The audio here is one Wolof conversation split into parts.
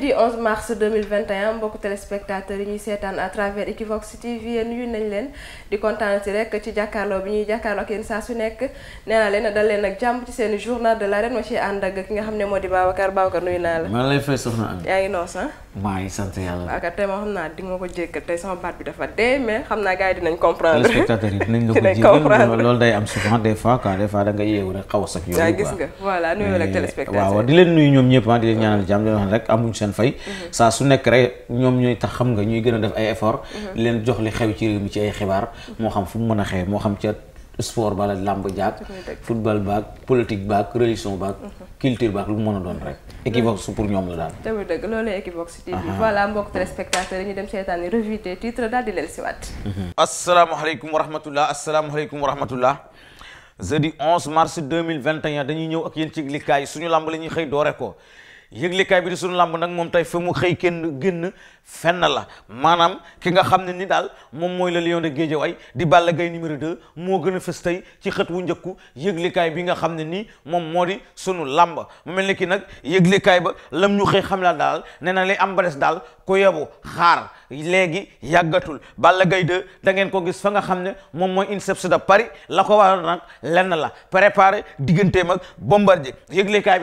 jeudi mars yaa ngi noos ah. maa ngi sant yàlla. Babacar tey ma xam naa di nga ko jéggal tey sama baat bi dafa dee mais xam naa gars yi dinañ comprendre. da a waaw di leen nuyu ñoom ñëpp ah, di leen ñaanal jàmm di leen wax rek amuñ seen seen fay mhm. saa su nekk rek ñoom ñooy tax xam nga ñuy gën a def ay effort mhm. di leen jox li xew ci réew mi ci ay xibaar mhm. moo xam fu mu mën a xew moo xam ca sport bala làmb jaag football baag politique baag religion baag culture baag lu mu mën a doon rek Equivox pour ñoom la daal tamit dëgg loolu Equivox TV voilà mbokk téléspectateurs yi ñu dem seetaan ni revue des titres daal di leen si waat asalaamaaleykum wa rahmatullah asalaamaaleykum wa rahmatullah jeudi mars dañuy ñëw ak yéen ci likaay suñu làmb la ñuy xëy doore ko yëglekaay bi di sunu làmb nag moom tey fi mu xëy kenn génn fenn la maanaam ki nga xam ne ni daal moom mooy la lion de Guédiawaye di Balla gay numéro 2 moo gën a fës tey ci xët wu njëkku yëglekaay bi nga xam ne nii moom moo di sunu làmb mu mel ni kii nag yëglekaay ba lam ñu xëy xam la daal nee na lay am ba des daal ko yebu xaar léegi yàggatul Balla Gaye 2 da ngeen ko gis fa nga xam ne moom mooy INSEPS de Paris la ko waral nag lenn la préparé digganteem ak Bombardier yëglekaay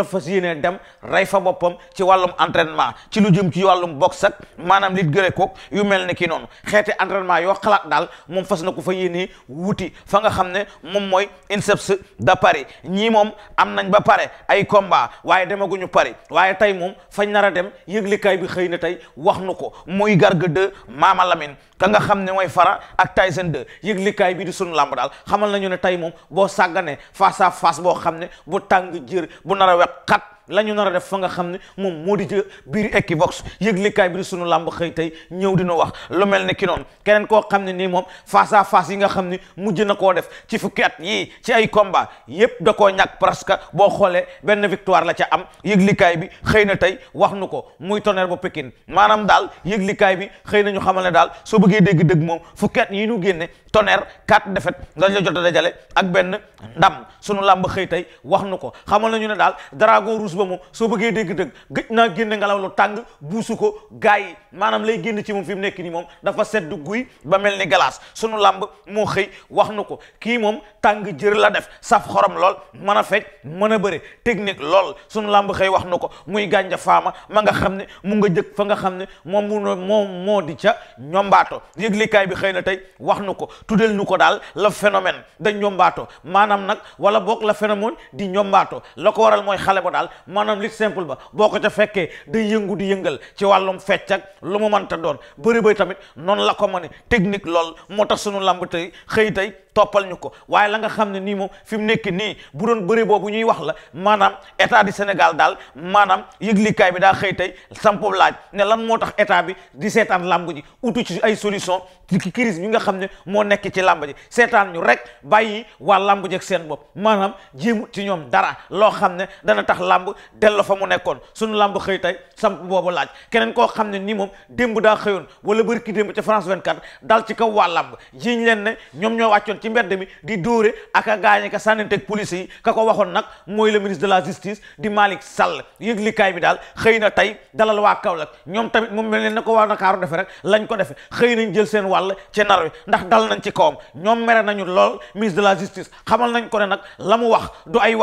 la fas yéene dem rey fa boppam ci wàllum entraînement ci lu jëm ci wàllum boxe ak maanaam lit gëre kook yu mel ni ki noonu xeeti entraînement yoo xalaat daal moom fas na ko fa yéene wuti fa nga xam ne moom mooy INSEPS de Paris ñii moom am nañ ba pare ay combat waaye demaguñu Paris waaye tey moom fañ nar a dem yëglikaay bi xëy na tey wax nu ko muy Garga 2 Mama Lamine ka nga xam ne mooy Fara ak Tyson 2 yëglikaay bi di sunu làmb daal xamal nañu ne tey moom boo sàgganee face à face boo xam ne bu tàng jër bu nar a xat la ñu a def fa nga xam ne moom moo di jë biir Equivox yëglekaay bi di sunu làmb xëy tey ñëw dina wax lu mel ne ki noonu keneen koo xam ne nii moom face à face yi nga xam ne mujj na koo def ci fukki at yii ci ay combat yépp da koo ñàkk presque boo xoolee benn victoire la ca am yëglekaay bi xëy na tey wax nu ko muy Tonnerre bu Pikine maanaam daal yëglekaay bi xëy nañu ñu xamal ne daal soo bëggee dégg dëgg moom fukki at yii ñu génne Tonnerre quatre défaites dañ jot a dajale ak benn ndam sunu làmb xëy tey wax nu ko xamal ba moom soo bëggee dégg dëgg gëj naa génne ngelaw lu tàng buusu ko gars yi maanaam lay génn ci moom fi mu nekk nii moom dafa sedd guy ba mel ni glace sunu làmb moo xëy wax nu ko kii moom tàng jër la def saf xorom lool man a fecc mën a bëre technique lool sunu làmb xëy wax nu ko muy gànja faama ma nga xam ne mu nga jëkk fa nga xam ne moom mu moom moo di ca ñombaato yëglikaay bi xëy na tey wax nu ko tuddel nu ko daal la phénomène da ñombaato maanaam nag wala boog la phénomène di ñombaato la ko waral daal maanaam li simple ba boo ko ca fekkee day yëngu di yëngal ci wàllum fecc ak lu mu mënta doon bëri bay tamit noonu la ko ma ne technique lool moo tax sunu lamb tey xëy tey toppal ñu ko waaye la nga xam ne nii moom fi mu nekk nii bu doon bëri boobu ñuy wax la maanaam état du Sénégal daal maanaam yëglikaay bi daa xëy tey sampo laaj ne lan moo tax état bi di seetaan lamb ji utu ci ay solution ci crise bi nga xam ne moo nekk ci làmb ji seetaan ñu rek bàyyi waa lamb ji seen bopp maanaam làmb delloo fa mu nekkoon sunu làmb xëy tey samp boobu laaj keneen koo xam ne ni moom démb daa xëyoon wala bari ki démb ca France 24 dal ci kaw waa làmb jiñ leen ñoom ñoo wàccoon ci mbedd mi di dóore ak a gaañe ka sànnanteeg police yi ka ko waxoon nag mooy le ministre de la justice di Malick Sall yëglikaay bi daal xëy na tey dalal waa Kaolack ñoom tamit moom mel leen na ko waa Ndakaaru defe rek lañ ko defe xëy nañ jël seen wàll ci nar de la justice xamal nañ ko ne nag la mu wax du ay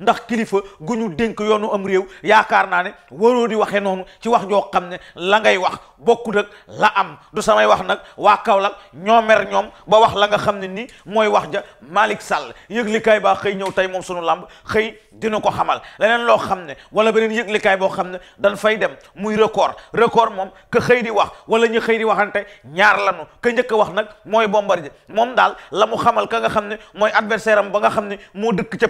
ndax kilifa gu ñu dénk yoonu am réew yaakaar naa ne waroo di waxee noonu ci wax joo xam ne la ngay wax bokku ak la am du samay wax nag waa Kaolack ñoo mer ñoom ba wax la nga xam ne nii mooy wax ja Malick Sall yëglikaay baa xëy ñëw tey moom sunu làmb xëy dina ko xamal leneen loo xam ne wala beneen yëglikaay boo xam ne dañ fay dem muy record record moom ka xëy di wax wala ñu xëy di waxante ñaar lanu ka njëkk wax nag mooy Bombardier moom daal la mu xamal ka nga xam ne mooy adversaire am ba nga xam ne moo dëkk ca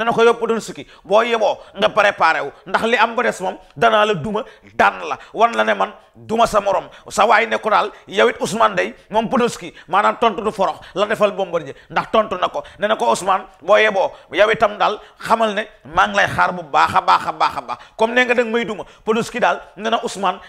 ne na ko yóbbu doon sukki boo yeboo nga préparé wu ndax li am ba des moom danaa la duma daan la wan la ne man duma sa morom sa waay ne ko daal yow it Ousmane day moom Podolski maanaam tontu du forox la defal Bombardier ndax tontu na ko ne na ko Ousmane boo yeboo yow tam daal xamal ne maa ngi lay xaar bu baax a baax a baax a baax comme ne nga danga may duma Podolski daal ne na Ousmane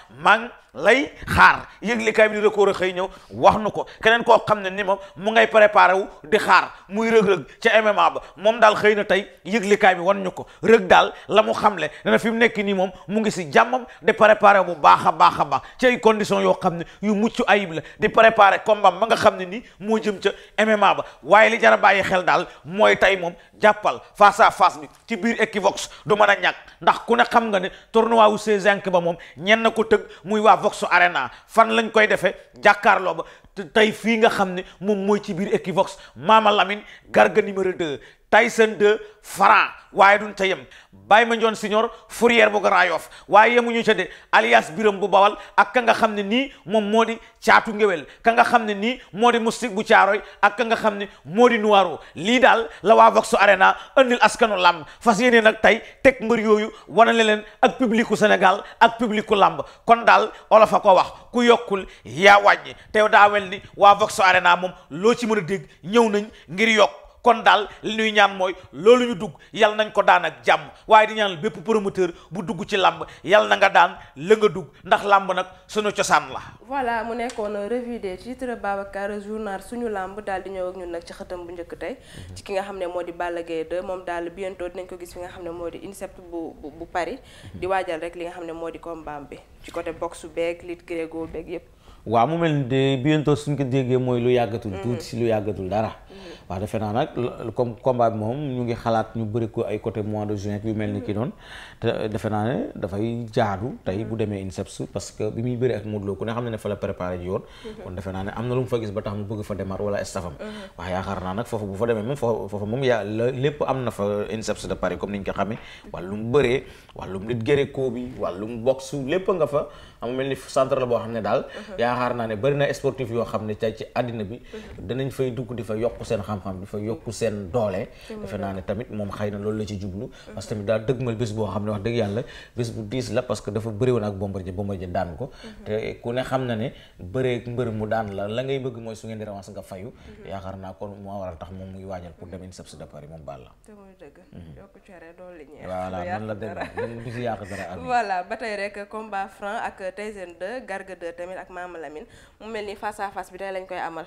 lay xaar yëglikaay bi di record a xëy ñëw wax nu ko keneen koo xam ne ni moom mu ngay préparé wu di xaar muy rëg-rëg ca MMA ba moom daal xëy na tey yëglikaay bi wan ñu ko rëg daal la mu xamle ne na fi mu nekk nii moom mu ngi si jàmmam di préparé bu baax a baax a baax ci condition yoo xam ne yu mucc ayib la di préparé combat ba nga xam ne nii moo jëm ca MMA ba waaye li jara bàyyi xel daal mooy tey moom jàppal face à face bi ci biir Equivox du mën a ñàkk ndax ku ne xam nga ne tournoi wu C5 ba moom ñenn ko tëgg muy waa Vox naa fan lañ koy defee jàkkaarloo ba tey fii nga xam ne moom mooy ci biir Equivox Mama Lamine Garga numéro 2 Tyson 2 Franc waaye duñ ca yem Baye Mandione Senior Fourier bu Grand waaye waaye ñu ca de alias Biram bu Bawal ak ka nga xam ne nii moom moo di caatu ngewel ka nga xam ne nii moo di moustique bu caaroy ak ka nga xam ne moo di noiro lii daal la waa Vox Arena andil askanu làmb fas yéene nag tey teg mbër yooyu wanale leen ak publiku Sénégal ak publiku làmb kon daal olof a ko wax ku yokkul yaa wàññi te daa wel ni waa Vox naa moom loo ci mën a dégg ñëw nañ ngir yokk kon daal li ñuy ñaan mooy loolu ñu dugg yal nañ ko daan ak jàmm waaye di ñaanal bépp promoteur bu dugg ci làmb yal na nga daan la nga dugg ndax làmb nag suñu cosaan la. voilà mu nekkoon revue des titres Babacar journal suñu làmb daal di ñëw ak ñun nag ci xëtam bu njëkk tey mhm. ci ki nga xam ne moo di Balla Gaye 2 moom daal bientôt dinañ ko gis fi nga xam ne moo di INSEP bu bu pari mhm. di waajal rek li nga xam ne moo di ko mbaam bi ci côté boxe beeg lit grégo beeg yépp waaw mu mel ni de bientôt suñ ko déggee mooy lu yàggatul mhm. tuuti si yàggatul dara waaw defe naa nag comme combat ak moom ñu ngi xalaat ñu bëri ko ay côté mois de juin yu mel ni kii mm-hmm. noonu te defe naa ne dafay jaadu tey bu mm-hmm. demee INSEPS parce que bi muy bëri ak Modou Lo ku ne xam ne fa la préparé ji yoon mm-hmm. kon defe naa ne am na lu mu fa gis ba tax mu bëgg fa démarrer wala stafam waaw yaakaar naa nag foofu bu fa demee moom foofu foofu moom yaa lépp am na fa INSEPS de Paris comme ni ñu ko xamee wàllum bëree wàllum lit gréco bi wàllum boxe lépp nga fa am mel ni centre boo xam ne daal yaakaar naa ne bëri na sportif yoo xam ne tey ci bi danañ fay dugg fa yokk seen xam xam-xam dafa yokku seen doole defe naa ne tamit moom xëy na loolu la ci jublu parce que tamit daal dëgmal bés boo xam ne wax dëgg yàlla bés bu diis la parce que dafa bëri ak Bombardier Bombardier daan ko mhm. te ku ne xam na ne bëree mbër mu daan la la ngay bëgg mooy su ngeen di revanche nga fayu mhm. yaakaar naa kon moo waral tax moom muy waajal pour dem mhm. dara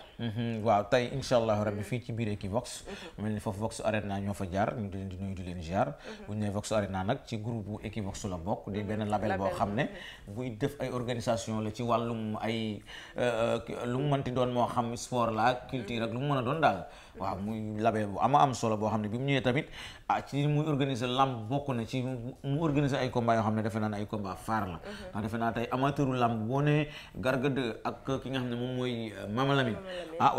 voilà waaw tey incha allah fii ci biir biir Equivox mhm. mel ni foofu Vox Arena ñoo fa jaar ñu ngi leen di nuyu di leen jaar mhm. bu ñu nee Vox Arena nag ci groupe bu la bokk di mhm. benn label boo xam ne buy def ay organisation la ci wàllum ay euh, lu mu ti doon moo xam sport la ak culture ak lu mu mën a doon daal waaw muy label bu ama am solo boo xam ne bi mu ñëwee tamit ah ci muy organiser lamb bokk na ci mu organiser ay combat yoo xam ne defe naa ne ay combat faar la ndax defe naa tey amateuru lamb boo ne gargade ak ki nga xam ne moom mooy euh, Mama Lamine ah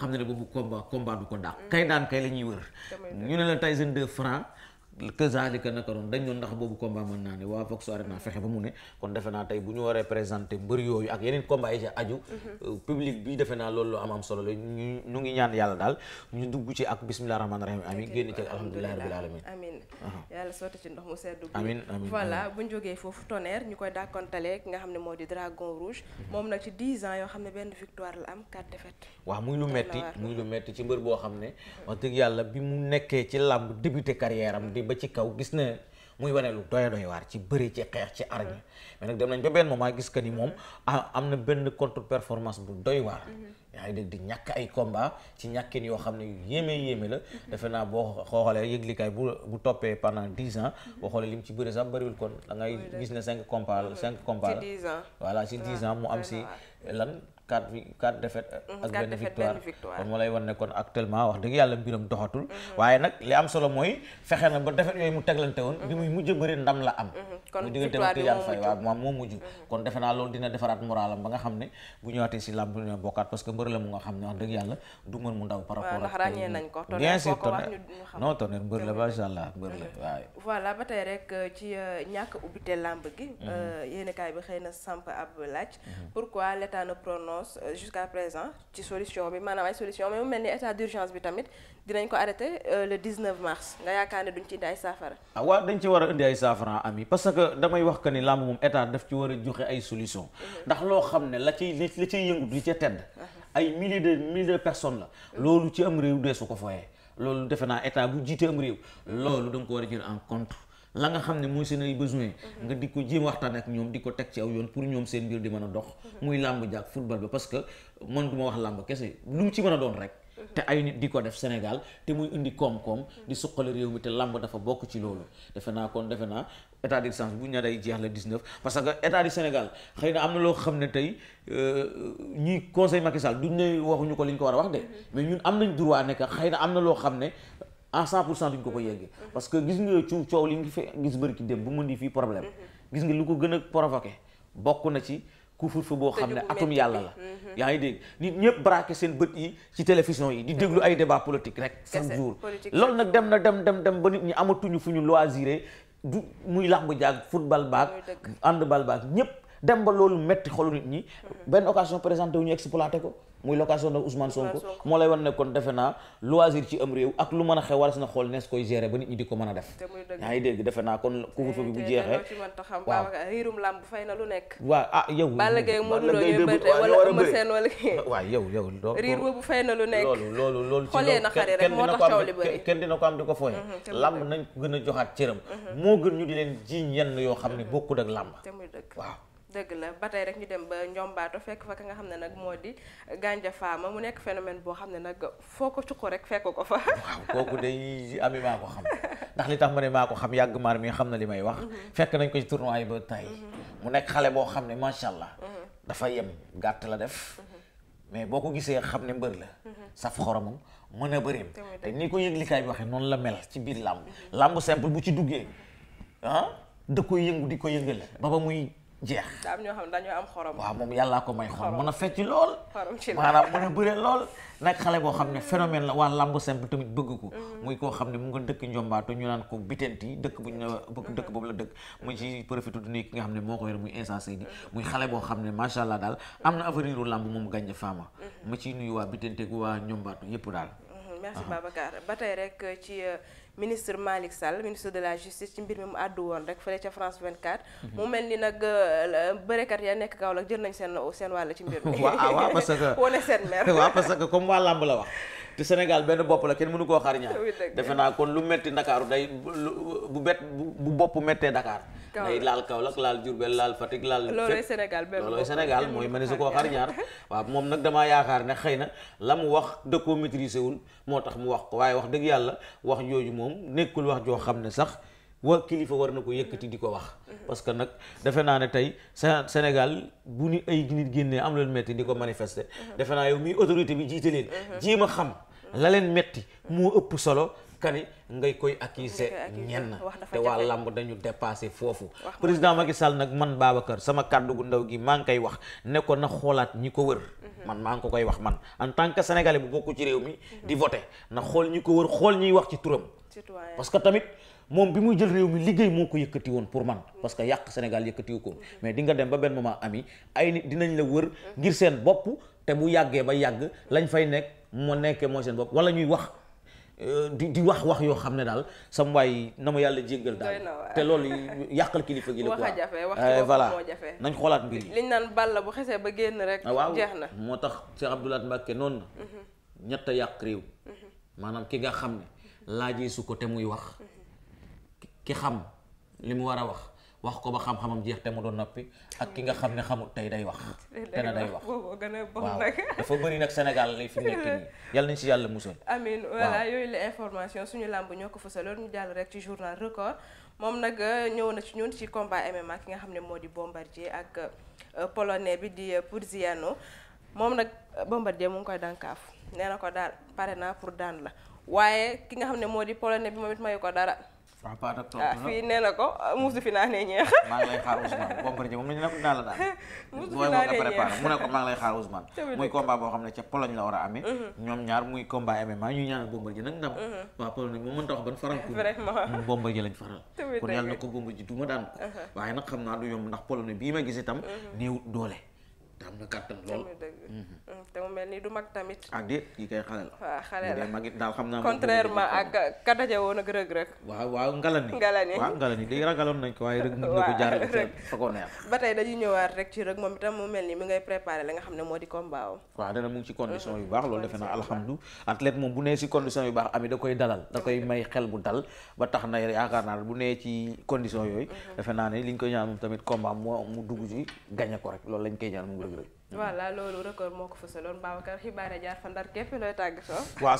xam na ne boobu combat combat du ko dàq. kay daan kay la ñuy wër. ñu ne la Tyson 2 franc. kazalika naka noonu dañ ñoon ndax boobu combat mën naa ne waa Vox Arena fexe ba mu ne kon defe naa tey bu ñu waree mbër yooyu ak yeneen combat aju mhm. euh, public la ñu ñu ngi ñaan yàlla daal ñu dugg ci ak bismillah uh-huh. ndox mu sedd bu ñu jógee foofu tonnerre ñu koy dàkkontale nga xam ne moo di dragon rouge mhm. moom nag ci 10 ans yoo xam ne benn victoire la am 4 défaites waaw muy lu metti muy lu metti ci mbër boo xam ne wax dëgg yàlla bi mu nekkee ci làmb débuté carrière ba ci kaw gis na muy wane lu doy doy waar ci bëri ci xeex ci arñi mais nag dem nañ ba benn moment gis que ni moom am na benn contre performance bu doy waar mhm. yaa ngi dégg di ñàkk ay combat ci ñàkkin yoo xam ne yu yéeme yéeme la mhm. defe naa boo xoolee yëglikaay bu bu toppee pendant dix an boo xoolee lim ci bëri sax bëriwul kon da ngay gis ne cinq combat cinq mhm. combat la voilà ci dix ans mu am si lan quatre quatre défaites euh, mhm, ak benn victoire kon moo lay wan ne kon actuellement wax dëgg yàlla mbiram doxatul mhm. waaye nag li am solo mooy fexe na ba défaites yooyu mu teglante woon bi mhm. muy mujj bëri ndam la am mu diggante ak Tidiane Faye waaw moom moo mujj kon defe naa loolu dina defaraat moralam ba nga xam ne bu ñëwaatee si làmb dina bokkaat parce que mbër la mu nga xam ne wax dëgg yàlla du mën mu ndaw par rapport ak bien sûr tonnerre non tonnerre mbër la macha allah la waaw voilà urgence euh, jusqu'à présent ci solution bi maanaam ay solution mais mu mel ni état d'urgence bi tamit dinañ ko arrêté euh, le mars nga yaakaar ne duñ ci indi ay saafara ah waaw a indi ay saafara parce que damay wax que ni làmb moom état daf ci war a joxe ay solution mhm. ndax loo xam ne la ciy la ciy yëngu di ca tedd mhm. ay milliers de milliers de personnes la mhm. loolu ci am réew deesu ko foyee loolu defe naa état bu jiite am réew loolu da ko war a jël en compte la nga xam ne mooy seen ay besoin mhm. nga di ko jéem waxtaan ak ñoom di ko teg ci aw yoon pour ñoom seen mbir di mën a dox mhm. muy làmb jaag football ba parce que man du ma wax làmb kese lu mu ci mën a doon rek mhm. te ay nit di ko def Sénégal te muy indi koom-koom di suqali réew mi te làmb dafa bokk ci loolu defe naa kon defe naa état d'urgence bu ña day jeex la 19 parce que état du Sénégal xëy na am na loo xam ne tey euh, ñuy conseil Macky Sall duñ ne waxuñu ko li ñu ko war a wax mais ñun am nañ droit nekk xëy na am na loo xam ne à 100 pour cent duñ ko ko yeggee parce que gis nga ci coow li ngi fi gis bëri ki dem bu mu indi fii problème gis nga lu ko gën a provoqué bokk na ci couvre-feu boo xam ne atum yàlla la mhm. yaa ngi dégg nit ñëpp braqué seen bët yi ci télévision yi di déglu ay débat politique rek chaque jour loolu nag dem na dem dem dem ba nit ñi amatuñu fu ñu loisiré du muy làmb jaag football baag handball baag ñëpp dem ba loolu metti xolu nit ñi mm-hmm. benn occasion présenté wu ñu exploité ko muy l'occasion de Ousmane Sonko moo lay wan ne kon defe naa loisir ci am réew ak lu man a xew war na xool nees koy gérer ba nit ñi ko mën a def yaa ngi dégg defe naa kon couvre bu eh, jeexee waaw riirum làmb fay na lu nekk waaw ah yow Balla Gaye Modou Lo ñu bëri wala Eumeu Sène yow yow riir boobu fay na lu nekk loolu loolu loolu xoolee na xare rek moo tax coow li bëri kenn dina ko am di ko fooye mm-hmm, làmb nañ gën a joxaat cëram mm-hmm. moo gën ñu di leen jiiñ yenn yoo xam ne bokkul ak làmb waaw dëgg la ba tey rek ñu dem ba Ndiombato fekk fa ka nga xam ne nag moo di Ganja Fama mu nekk phénomène boo xam ne nag foo ko cuqu rek fekk ko fa. waaw kooku day ami maa ko xam ndax li tax ma ne maa ko xam mi xam na li may wax. Mhm. fekk nañ ko ci tournoi yi mhm. mu nekk xale boo xam ne macha allah. Mhm. dafa yem gàtt la def. mais boo ko gisee xam ne mbër la. saf xoromam mën a bëreem. te ni ko yëglikaay bi waxee noonu la mel ci biir làmb. làmb simple bu ci duggee ah da koy yëngu di ko yëngal ba ba muy. jeex daa am waaw moom yàllaa ko may xorom mën a fecc lool. xorom ci a bëre lool. nag xale boo xam ne phénomène la waa lamb simple tamit bëgg ko. Mm. muy koo xam ne mu nga dëkk Njombaatu ñu naan ko Bitenti dëkk bu ñu ne dëkk boobu la dëkk. mu ci profité du nuyu ki nga xam ne moo ko yore muy Insa Seydi mm-hmm. muy xale boo xam ne macha allah daal am na avenir u lamb moom Gandia Fama. Mm-hmm. mu ciy nuyu waa Bitenti waa Njombaatu yëpp daal. Mm-hmm. Uh-huh. ba tey rek ci. Euh, ministre Malick Sall ministre de la justice ci mbir mi mu àddu woon rek fële ca France 24. Mhm. mu mel ni nag euh, bërekat ya nekk Kaolack jël nañ seen seen wàll ci mbir mi. waaw waaw parce que wane seen mer. waaw parce comme waa làmb la wax. te Sénégal benn bopp la kenn mënu koo xar defe naa kon lu metti Ndakaaru day bu bet bu bopp mettee Dakar. day laal Kaolack laal Diourbel laal Fatick laal loolooy Sénégal loolooy Sénégal mooy ma ne su koo xar waaw moom nag damaa yaakaar ne xëy na la mu wax da koo maîtriser wul moo tax mu wax ko waaye wax dëgg yàlla wax jooju moom nekkul wax joo xam ne sax wa kilifa war na ko yëkkati di ko wax mhm. parce que nag defe naa ne tey Sénégal bu ni ay nit génnee am leen metti di ko manifester mhm. defe naa yow muy autorité bi jiite leen mhm. jéem a xam la leen metti moo ëpp solo kani ngay koy accuser ñenn te waa làmb dañu dépassé foofu président ma Macky Sall nag man kër sama kàddu gu ndaw gi maa ngi koy wax ne ko na xoolaat ñi ko wër mhm. man maa ngi ko koy wax man en tant que sénégalais bu bokku ci réew mi mhm. di voter na xool ñi ko wër xool ñiy wax ci turam parce que tamit moom bi muy jël réew mi liggéey moo ko yëkkati woon pour man parce que yàq Sénégal yëkkatiwu ko mhm. mais di nga dem ba benn moment ami ay nit dinañ la wër ngir seen bopp te bu yàggee ba yàgg lañ fay nekk moo nekkee mooy seen wala ñuy wax Euh, di di wax wax yoo xam ne daal sam waay na ma yàlla jéggal daal te loolu yàqal kilifa gi la quoi wax jafe wax euh, voilà nañ xoolaat mbir yi liñ naan bal la bu xesee ba génn rek ah, waaw jeex na moo tax Cheikh Abdoulaye Mbacké noonu na mhm. ñett a yàq réew mhm. maanaam ki nga xam ne laajee su ko te muy wax mhm. ki xam li mu war a wax wax ko ba xam-xamam jeex te mu doon noppi ak ki nga xam ne xamul tey day wax te na day wax waaw dafa bëri nag Sénégal lay fi nekk nii yal nañ si yàlla musal amiin voilà yooyu la information suñu làmb ñoo ko fësaloon ñu jàll rek ci journal record moom nag euh, ñëw na ci ñun ci combat MMA ki nga xam ne moo di bombardier ak euh, polonais bi di euh, Pudziano moom nag bombardier mu ngi koy dànkaaf nee na ko daal pare naa pour daan la waaye ki nga xam ne moo di polonais bi moom it ko dara Frappard ak tontu ah, nag fii nee na ko ah, musu fi naa nee ñeex. maa ngi lay xaar Ousmane Bombardier moom lañu ne dinaa fi naa nee ñeex mu ne ko maa lay xaar Ousmane. muy combat boo xam ne ca Pologne la war a amee. Mhm. ñoom ñaar muy combat MMA ñu ñaanal Bombardier nag ndam. Mhm. waa Pologne moom mënut a wax ban faral ko. vraiment moom Bombardier lañ faral. kon yàlla na ko Bombardier duma daan ko. Mhm. waaye nag xam naa du yomb ndax Pologne bii ma gis itam néew doole. te na kàttan mhm. mm, mu mel ni du mag tamit. ah déet yi kay xale la. waaw ah, xale la bu magit daal contrairement ak ka daje woon ak rëg rëg. waaw waaw ngalani. ngalani waaw ngalani di ragaloon nañ ko waaye rëg mën na ko jaarale. rëg rek moom itam mu mel ni mi ngay préparé la nga xam ne moo di combat am. waaw dana mu ci condition yu baax loolu defe naa alhamdulilah athlète moom bu nee si condition yu baax ami da koy dalal da koy may xel bu dal ba tax na yaakaar naa bu nee ci condition yooyu. Mhm. defe naa ne li ñu koy ñaan moom tamit combat moo mu dugg ci gañe ko rek loolu lañ koy ñaan mu rëg-rëg voilà loolu record moo ko fësaloon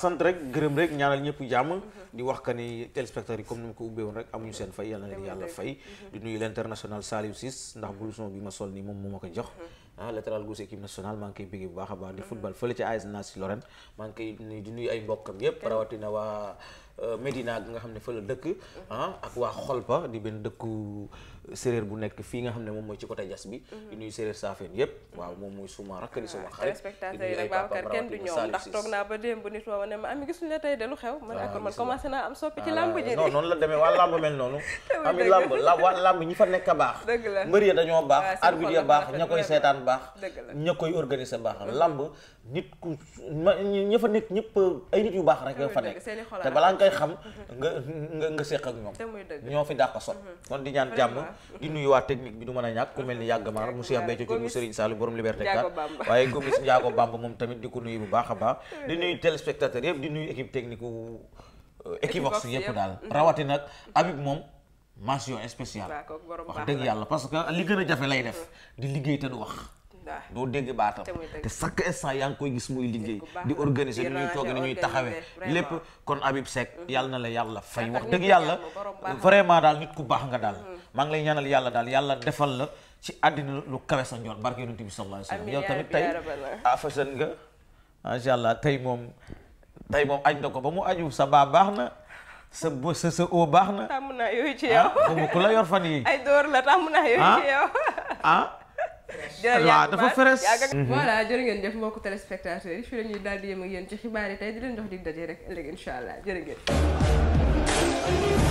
sant rek gërëm rek ñaanal ñëpp jàmm. Mhm. di wax que ni téléspectateurs yi comme ni ma ko ubbee rek amuñu seen fay yàlla na leen yàlla fay. Mhm. di nuyu l' international Saliou Ciss ndax blouson bi ma sol nii moom moo ma ko jox. Mhm. ah latéral gauche nationale maa ngi koy bëgg bu baax a baax di football fële ca AS Nancy Lorraine maa ngi koy di nuyu ay mbokkam yëpp rawatina waa. Euh, Médina bi nga xam ne fa la dëkk ah ak waa Xolpa di benn dëkku séréer bu nekk fii nga xam ne moom mooy ci côté jas bi mhm. di nuyu séréer saafeen yépp waaw moom mooy suma rakk di suma xarit spectateur du ñoom naa ba démb nit ne ma ami gisuñu de lu xew ah, man ak man commencé naa am soppi ci ah, làmb ji noonu la demee waa làmb mel noonu ami làmb la waa làmb ñi fa nekk a baax dëgg la mbër ya dañoo baax arbitre baax ña koy seetaan baax ña koy organiser baax mhm. làmb nit ku ña fa nekk ñëpp ay nit yu baax rek fa nekk lay xam nga nga nga seq ak ñoom ñoo fi dàq sot mm-hmm. kon di ñaan jàmm di nuyu waa technique bi du mën a ñàkk ku mel ni yàgg maar mu Cheikh Béthio Thioune mu Serigne Saliou borom liberté 4 waaye gomis Ndiago Bamba moom tamit di ko nuyu bu baax a baax di nuyu téléspectateurs yëpp di nuyu équipe technique wu Equivox euh, yëpp daal mm-hmm. rawati nag Habib moom mention spéciale wax dëgg yàlla parce que li gën a jafe lay def mm-hmm. di liggéey te du wax doo dégg baatam te chaque instant yaa ngi koy gis muy liggéey di organiser ni ñuy toogee ni ñuy taxawee lépp kon Habib Seck yàlla na la yàlla fay wax dëgg yàlla vraiment daal nit ku baax nga daal maa ngi lay ñaanal yàlla daal yàlla defal la ci àddina lu kawe sa njoon barke yonent bi sallallahu alayhi wa sallam yow tamit tey afasan nga macha allah tey moom tey moom aj na ko ba mu aju sa baa baax na sa sa sa oo baax na tàmm naa yooyu ci yow ku la yor fan yi ay door la tàmm naa yooyu ci yow waaw dafa feres mhm. voilà jërë ngeen jëf mbokku téléspectateurs yi fii la daal di yem ak yéen ci xibaar yi tey di leen jox dig daje rek